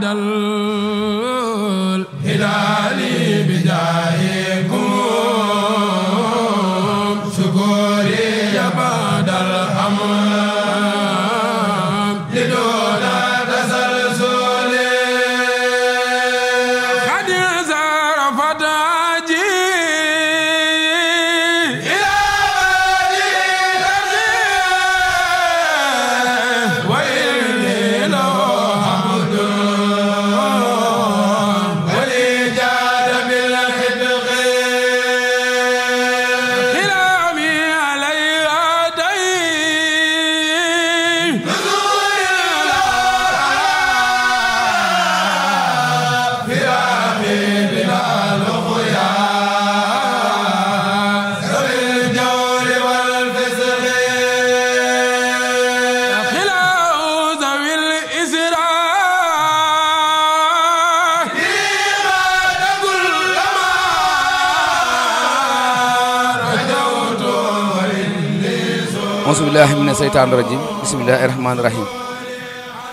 badal auzubillahi mina seytaani rajim bismillahi rahmaani rahim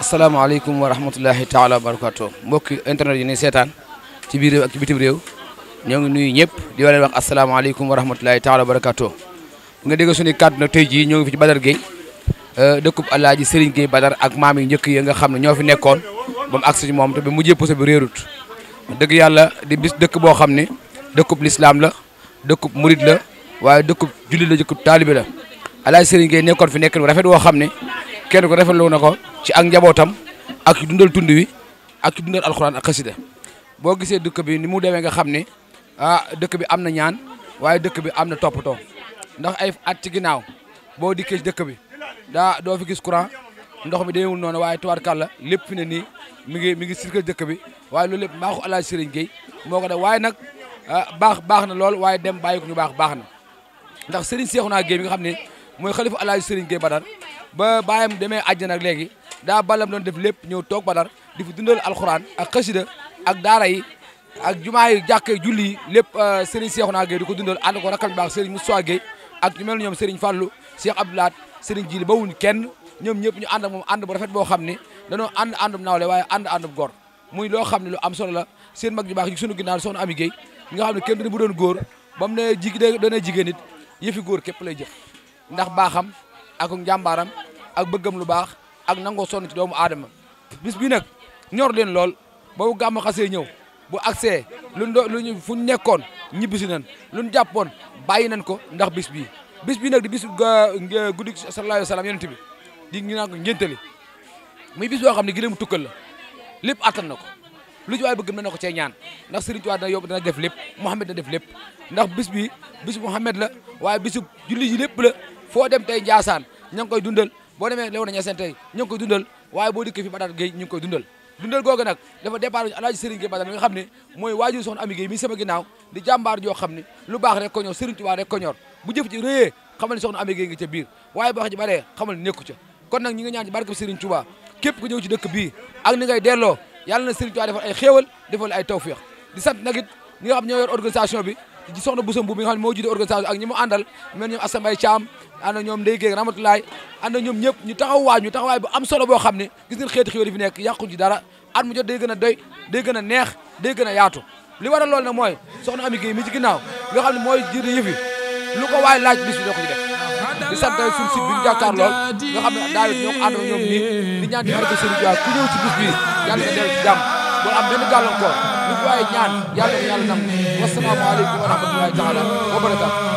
asalaamaaleykum wa rahmatullahi taala wa barakatu mbokki internet yi ni seetaan ci biir réew bitim réew ñoo ngi nuyu ñëpp di waleen wax asalaamaaleykum wa rahmatullahi taala wa barakatu nga dégg suñu kàddu nag tey jii ñoo ngi fi ci Badar Gueye euh, dëkkub Alaaji sëriñ Gueye Badar ak maam yi njëkk yi nga xam ne ñoo fi nekkoon ba ak agsi moom te mu mujjee puso bi réerut dëgg yàlla di dëkk boo xam ne dëkkub lislaam la dëkkub murid la waaye dëkkub julli la dëkkub taalibe la Alaaji Serigne Gueye nekkoon fi nekk lu rafet woo xam ne kenn ko rafetlu na ko ci ak njabootam ak dundal tund wi ak dundal alxuraan ak xasida boo gisee dëkk bi ni mu demee nga xam ne ah dëkk bi am na ñaan waaye dëkk bi am na toppatoo ndax ay at ci ginnaaw boo dikkee ci dëkk bi daa doo fi gis courant ndox mi deewul noonu waaye tubaarkàlla lépp fi ne nii mi ngi mi ngi dëkk bi waaye loolu lépp mbaaxu Alaaji Serigne Gueye moo ko def waaye nag ah, baax baax na lool waaye dem bàyyi ñu baax baax na ndax Serigne Cheikhouna Gueye mi nga xam ne mooy xalifu alaaji Serigne Gueye Badar ba bàyyam demee àjjana ak léegi daa balam doon def lépp ñëw toog Badar di fi dundal alxuraan ak xasida ak daara yi ak jumaa yi jàkkee julli yi lépp euh, Serigne naa Gueye di ko dundal ànd ko rakkam baax Serigne Moustapha Gueye ak ñu mel ñoom Serigne Fallou Cheikh Abdoulaat Serigne Jili bawuñ kenn ñoom ñëpp ñu ànd ak moom ànd bu rafet boo xam ne dañoo ànd àndum nawle waaye ànd àndum gor muy loo xam ne loo am solo la seen mag ju baax yi sunu ginnaaw soxna Ami nga xam ne kenn bu doon góor ba mu ne dana jigéen nit góor képp lay jëf ndax baaxam ak njàmbaaram ak bëggam lu baax ak nangoo son ci doomu aadama bis bi nag ñor leen lool boobu gàmm xasee ñëw bu agsee luñ do luñ fu ñu nekkoon ñibbisi nañ luñ jàppoon bàyyi nañ ko ndax bis bii bis bii nag di bis guddi sallallahu alayhi wa sallam yonent bi di ngi naan ko ngéntali muy bis boo xam ne gileemu tukkal la lépp attan na ko lu ci waay bëgg mën na ko cee ñaan ndax Serigne Touba dana yóbbu dana def lépp Mouhamed dana def lépp ndax bis bi bisu Mouhamed la waaye bisu julli ji foo dem tey Ndiassane ña ngi koy dundal boo demee Léona Niassène tey ña ngi koy dundal waaye boo dikkee fi Badaat Gueye ñu ngi koy dundal dundal googu nag dafa départ ñu alaaji Serigne Gueye mi nga xam ne mooy waajur soxna Ami Gueye mi sama ginnaaw di jàmbaar joo xam ne lu baax rek ko ñor Serigne rek ko bu jëf ci rëyee xamal ne soxna Ami Gueye ca biir waaye boo wax ci baree xamal ne nekku ca kon nag ñi ngi ñaan ci barkeb Serigne Touba képp ku ñëw ci dëkk bii ak ni ngay delloo yàlla na Serigne ay xéewal defal ay tawféex di xam ñoo yor organisation bi soxna Bousso Mboub bi nga xam ne moo jiite organisation ak ñi mu àndal mel ñoom Assane Mbaye Thiam ñoom Ndeye Guèye Ramatulaay ànd ak ñoom ñëpp ñu taxaw waaj ñu taxawaay bu am solo boo xam ne gis ngeen xeeti xéwal yi fi nekk yàqu ci dara at mu jot day gën a doy day gën a neex day gën a yaatu li waral loolu na mooy soxna Ami Guèye mi ci ginnaaw nga xam ne mooy jiite yëf lu ko waay laaj bis bi da ko ci def di sant suñ site bi ñu jàkkaar lool xam ne daawit ñoom ànd ñoom nii di ñaan ci barke Serigne Touba ku ñëw ci bis bi yàlla nga lu waay ñaan yàlla na yàlla nam wassalaamu aleykum wa rahmatullahi taala wa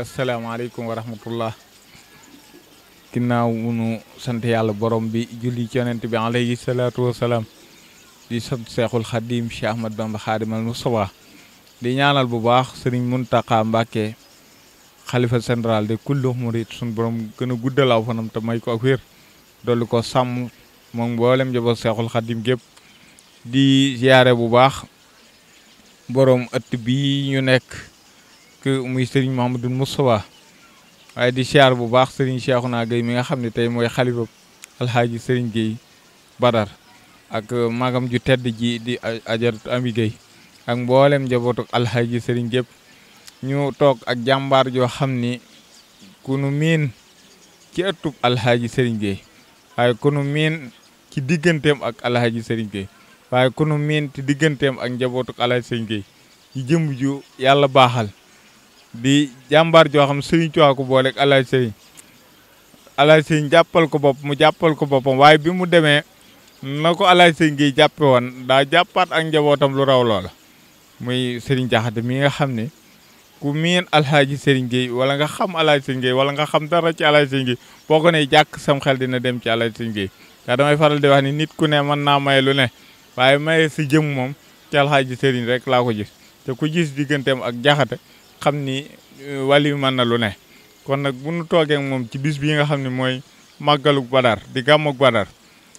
asalaamaaleykum wa rahmatullah ginnaaw munu sant yàlla boroom bi julli ci yonent bi alayhi salaatu wasalaam di sant seexul xadim Cheikh Ahmad Bamba xaadimal Mustafa di ñaanal bu baax sëriñ Muntaqa Mbàkke xalifa général de kullu murit sun borom gën a fanam te may ko ak dolli ko sàmm moom mboolem njaboot seexul xadim gépp di ziyaare bu baax boroom ëtt bi ñu nekk dëkk muy Serigne Mouhamadou Moustapha waaye di siyaar bu baax Serigne Cheikhouna Gueye mi nga xam ne tey mooy xalifa alxaaji Serigne Gueye Badar ak euh, magam ju tedd ji di ajaratu Ami Gueye ak mboolem njabootu alxaaji sëriñ gépp ñu toog ak jàmbaar joo xam ni ku nu miin ci ëttub alxaaji Serigne Gueye waaye ku miin ci digganteem ak alxaaji Serigne Gueye waaye ku ci digganteem ak njabootu alxaaji Serigne Gueye ci jëmb ju yàlla baaxal di jàmbaar joo xam sëriñ Tuubaa ko booleeg alaaj sëriñ alaaj sëriñ jàppal ko bopp mu jàppal ko boppam waaye bi mu demee na ko alaaj sëriñ gi jàppe woon daa jàppaat ak njabootam lu raw loola muy sëriñ Jaxate mi nga xam ni ku miin alxaaji sëriñ Gueye wala nga xam alxaaji sëriñ Gueye wala nga xam dara ci alxaaji sëriñ Gueye boo ko ne jàkk sam xel dina dem ci alxaaji sëriñ Gueye ndax damay faral di wax nit ku ne mën naa may lu ne waaye maye si jëm moom ci alxaaji sëriñ rek laa ko gis ku gis digganteem ak Jaxate xam ni euh, wàllu mën na lu ne kon nag bu nu toogee moom ci bis bii nga xam ne mooy màggalug badar di gàmmug badar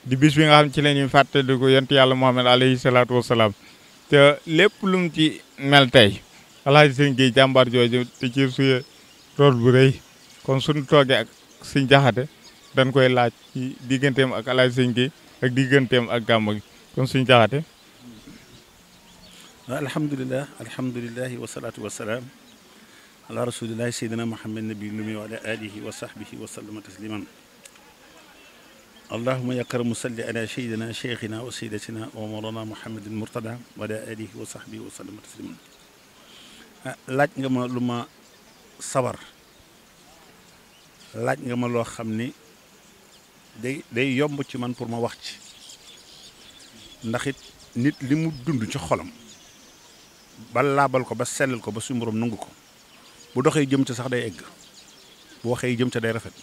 di bis bi nga xam ci la ñuy fàttali ko yonent yàlla Muhammad alayhi salaatu wasalaam te lépp lu ci mel tey alaaji sëñ Guèye jàmbaar jooju te ci suye rôle bu rëy kon suñu toogee ak suñ jaxate dañ koy laaj ci digganteem ak alaaji sëñ Guèye ak digganteem ak gàmm gi kon suñ jaxate alhamdulilah alhamdulilah wasalaatu ala rasulillahi seydina muhammad nabi lu muy wa ala alihi wa sahbihi wa sallama tasliman allahuma ya karamu salli ala seydina cheikhina wa seydatina wa mawlana muhammadin murtada wa ala alihi wa sahbihi wa sallama tasliman ah, laaj nga ma lu ma sawar laaj nga ma loo xam ni day day yomb ci man pour ma wax ci ndax it nit li mu dund ci xolam ba laabal ko ba sellal ko ba suñu borom nangu ko bu doxee jëm ca sax day egg bu waxee jëm ca day rafet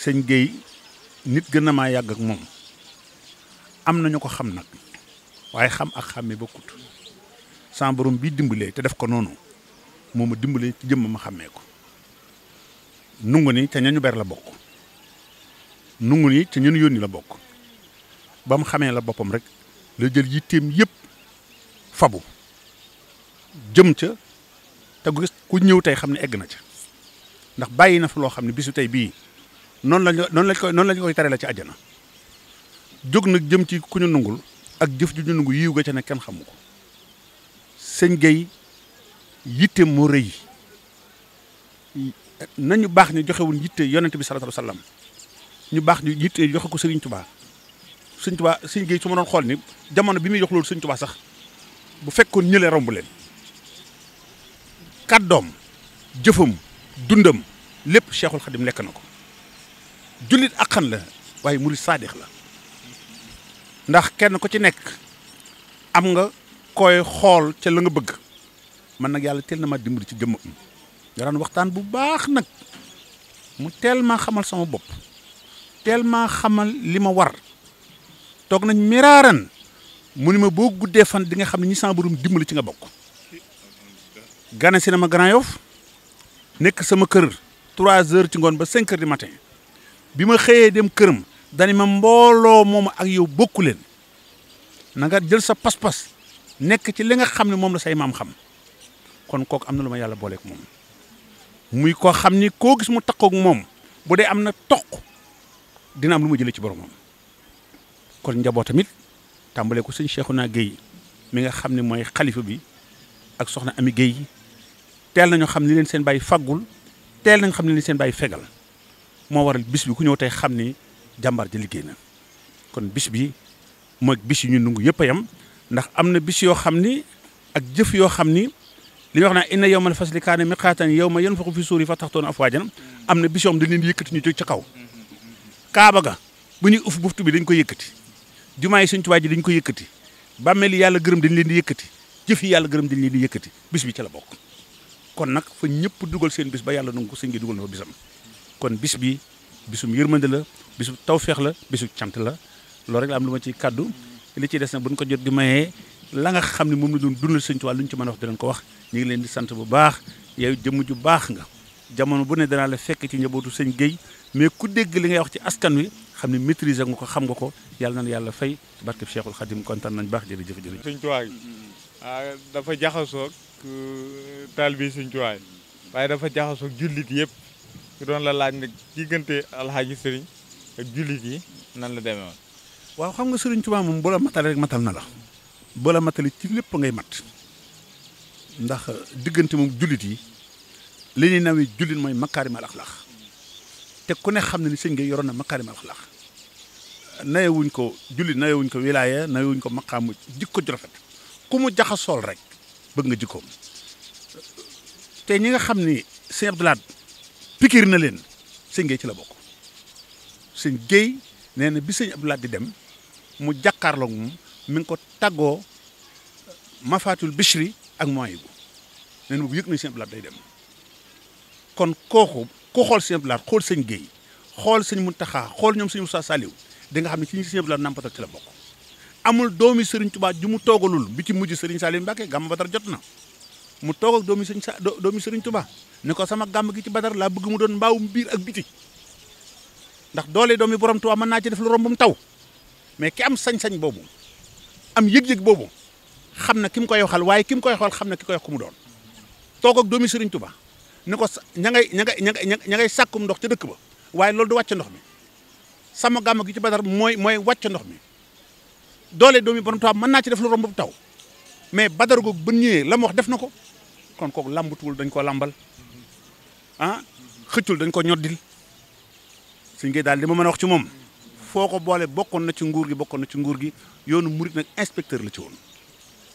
sëñ Gueye nit gën na maa yàgg ak moom am nañu ko xam nag waaye xam ak xàmme bokkut sama borom bi dimbalee te def ko noonu moom ma dimbalee ci jëmm ma xàmmee ko nungu ni te ñañu ber la bokk nungu ni te ñun yónni la bokk ba mu xamee la boppam rek la jël yitteem yépp fabu jëm ca te gis ku ñëw tey xam ne egg na ca ndax bàyyi na fa loo xam ne bisu tey bii noonu lañ noon lañ koy noonu lañ koy taree la ci àjjana jóg nag jëm ci ku ñu nungul ak jëf ju ñu nungu yiw ga ca ne kenn xamu ko sëñ Gueye yitte moo rëy nañu baax ni joxewul woon yitte yonent bi sallallahu alayhi wasallam ñu baax ñu yitte joxe ko Serigne Touba Serigne Touba sëñ Gueye su ma doon xool ni jamono bi muy jox loolu Serigne Touba sax bu fekkoon ñële romb leen. kàddoom jëfam dundam lépp Cheikhul Khadim lekk na ko jullit ak la waaye murid saadix la ndax kenn ko ci nekk am nga koy xool ca la nga bëgg man nag yàlla teel na ma dimbali ci jëmm am daan waxtaan bu baax nag mu teel maa xamal sama bopp teel maa xamal li ma war toog nañ miraaran mu ni ma boo guddee fan di nga xam ne ñi sama borom dimbali ci nga bokk gane si na ma Grand Yoff nekk sama kër trois heures ci ngoon ba 5 heures du matin bi ma xëyee dem këram dani ma mbooloo moom ak yow bokku leen na jël sa pas-pas nekk ci li nga xam ne moom la say maam kon kooku am na lu ma yàlla booleek moom muy ko xam ni koo gis mu takkook moom bu dee am na toq dina am lu ma jëlee ci boromam kon njaboot tamit tàmbalee ko sëñ Cheikhouna Guèye mi nga xam ne mooy xalifa bi ak soxna Ami Guèye teel nañu xam ni leen seen bàyyi faggul teel nañu xam ne leen seen bàyyi fegal moo waral bis bi ku ñëw tey xam ni jàmbaar ji liggéey na kon bis bi mooy bis yi ñu nungu yëpp a yem ndax am na bis yoo xam ni ak jëf yoo xam ni li ñu wax naa inna yawmal fasli kaana miqaatan yawma yanfaxu fi suuri fatahtoona afwaajan am na bis yoo xam dañ leen yëkkati ñu ci ca kaw kaaba ga bu ñuy uf buftu bi dañ koy yëkkati jumaa yi Sëñ Tuubaa ji dañ ko yëkkati bàmmeel yi yàlla gërëm dañ leen di yëkkati jëf yàlla gërëm dañ di yëkkati bis bi ca la bokk kon nag fa ñëpp dugal seen bis ba yàlla nangu ko sëñ gi dugal na fa bisam kon bis bi bisum yërmande la bisum tawféex la bisum cant la loolu rek la am lu ma ci kàddu li ci des nag buñ ko jot gi mayee la nga xam ne moom la doon dundal sëñ Tuubaa lu ñu ci mën a wax dinañ ko wax ñu ngi leen di sant bu baax yow jëmm ju baax nga jamono bu ne danaa la fekk ci njabootu sëñ Guèye mais ku dégg li ngay wax ci askan wi xam ne maîtriser nga ko xam nga ko yàlla na yàlla fay barkeb Cheikhul Khadim kontaan nañ baax jërëjëf jërëjëf sëñ Tuubaa mm-hmm. ah, dafa jaxasoo Euh, taalibe Sëñ Tuubaa waaye dafa jaxasoo jullit yëpp ku doon la laaj nag diggante alxaaji sëriñ ak jullit yi nan la demee waaw xam nga Sëriñ Tuubaa moom bu la matale rek matal na la bu la matali ci lépp ngay mat ndax diggante moom jullit yi li ñuy nawee jullit mooy makaarimal axlaax te ku ne xam ne ni sëñ nga yoroon na makaarimal axlaax nawewuñ ko jullit nawewuñ ko wilaaya nawewuñ ko maqaamu jikko ju rafet ku mu jaxasool rek bëgg nga jikkoom te ñi nga xam ni sëñ Abdou Lahad na leen sëñ Gueye ci la bokk sëñ Gueye nee na bi sëñ Abdou Lahad di dem mu jàkkaarloog moom mi ngi ko tàggoo Mafatul Bichri ak moyen bu nee na bu yëg na sëñ Abdou Lahad day dem kon kooku koo xool sëñ Abdou Lahad xool sëñ Gueye xool sëñ Mountakha xool ñoom sëñ Moussa Saliou di xam ne ci ñi sëñ Abdou Lahad nampatal ci la bokk amul doomi Serigne Touba ju mu toogalul bi ci mujj Serigne Salim Mbacké gàmm Badar jot na mu toog ak doomi Serigne sa doomi Serigne Touba ne ko sama gàmm gi ci Badar laa bëgg mu doon mbaawum biir ak biti ndax doole doomi borom Touba mën naa ci def lu rombum taw mais ki am sañ-sañ boobu am yëg-yëg boobu xam na ki mu koy waxal waaye ki mu koy xam na ki koy wax mu doon toog ak doomi Serigne Touba ne ko ña ngay ña ña ña ngay sàkkum ndox ca dëkk ba waaye loolu du wàcc ndox mi sama gàmm gi ci Badar mooy mooy wàcc ndox mi. doole doomi borom tubaab mën naa ci def lu romb taw mais badar googu ba ñëwee la def na ko kon kooku lambatuwul dañ ko lambal ah xëccul dañ ko ñoddil suñ koy daal li ma mën a wax ci moom foo ko boole bokkoon na ci nguur gi bokkoon na ci nguur gi yoonu murit nag inspecteur la ci woon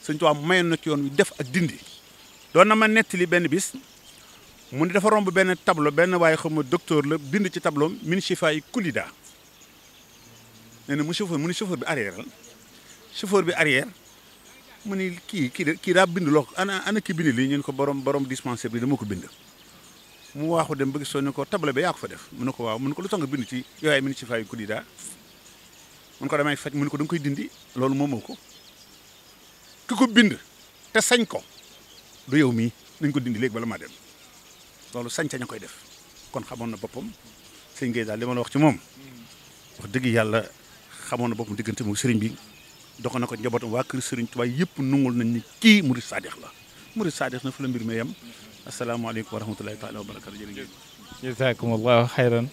suñ tubaab mayoon na ci yoon wi def ak dindi doon na man nettali benn bis mun ne dafa romb benn tableau benn waaye xam nga docteur la bind ci tableau min si yi kulida nee na mu chauffeur mu ne chauffeur bi arrière chauffeur bi arrière mu ni kii kii kii daa bind loo ana ana ki bind lii ñun ko borom borom dispensaire bi dama ko bind mu waaxu dem ba gisoo ne ko table ba yaa ko fa def mu ne ko waaw mu ne ko lu tax nga bind ci yooyaay min ci fayu ko di daa mu ne ko damay faj mu ne ko da koy dindi loolu moomoo ko ki ko bind te sañ ko du yow mi nañ ko dindi léegi bala maa dem loolu sañ sañ koy def kon xamoon na boppam sëñ gee daal li ma wax ci moom wax dëgg yàlla xamoon na boppam diggante mu sëriñ bi dox na ko njabootam waa kër Serigne Touba yëpp nungul nañ ni kii Murid Saadix la Murid Saadix na fa la mbir mi yem asalaamaaleykum wa rahmatulahi taala wa barakatu jërëjëf jazakumullahu xayran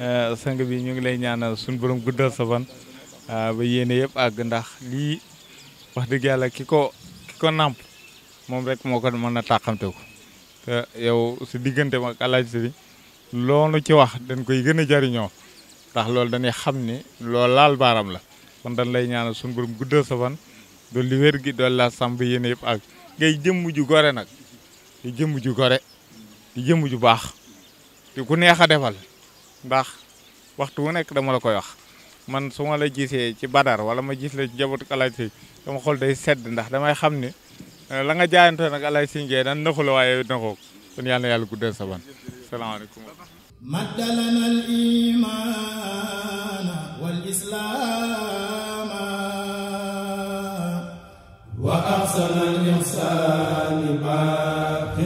eh, sang bi ñu ngi lay ñaanal suñu borom guddal sa fan eh, ba yéene yëpp àgg ndax lii wax dëgg yàlla ki ko ki ko nàmp moom rek moo ko mën a tàqamte ko yow su diggante ak Alaaji Sëriñ loolu ci wax dañ koy gën a jariñoo ndax loolu dañuy xam ni loolu laal baaram la kon dañ lay ñaanal suñu borom guddal sa fan doolu li wér gi doolu la sàmb yéene yëpp ak ngay jëmm ju gore nag di jëmm ju gore di jëmm ju baax di ku neex a defal ndax waxtu wu nekk dama la koy wax man su ma la gisee ci badar wala ma gis la ci njabootu alaaj si dama xool day sedd ndax damay xam ne eh, la nga jaayantoo nag alaaj si ngee nan naxu la waaye naxoo kon yàlla yàlla guddal sa ban salaamaaleykum maddalana al imaana والإسلام وأحسن الإحسان باقٍ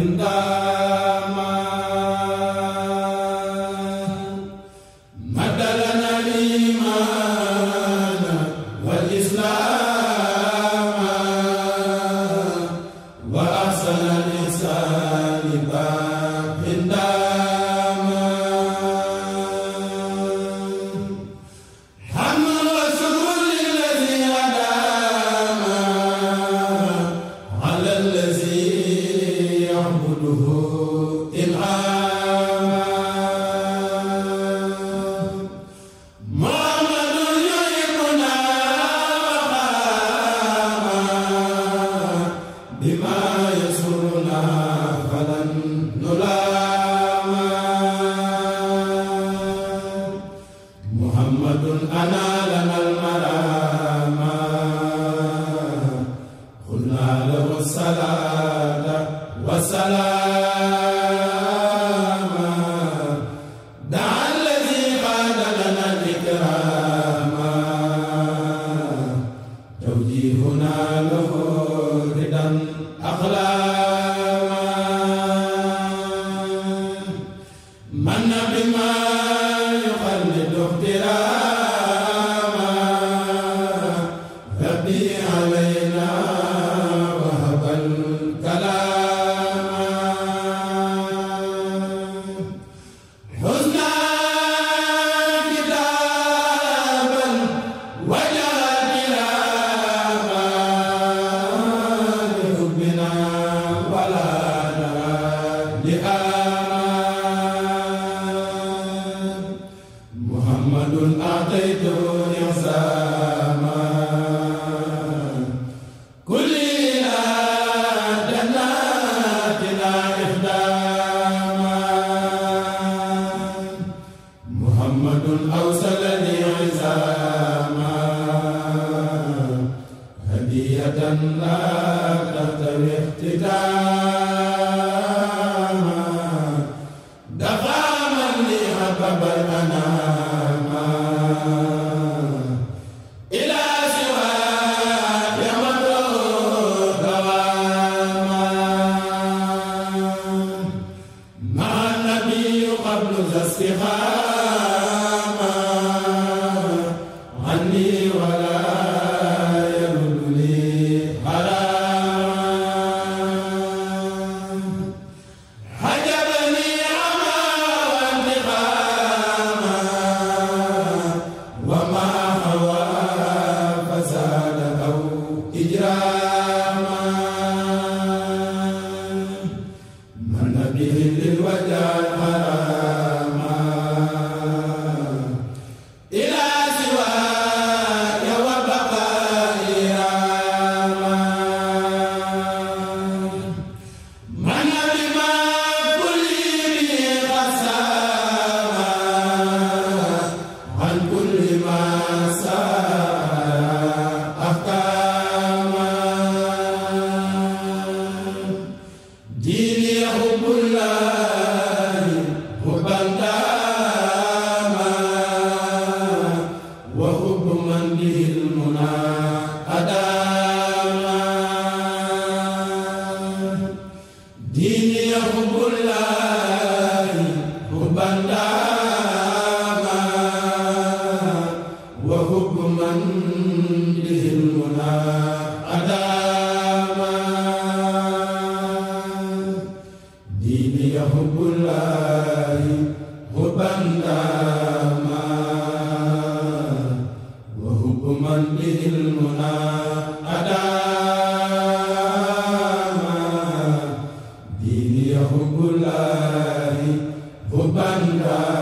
subhaanahu أعطيت lil wajal من به المنى أدا حب الله حبا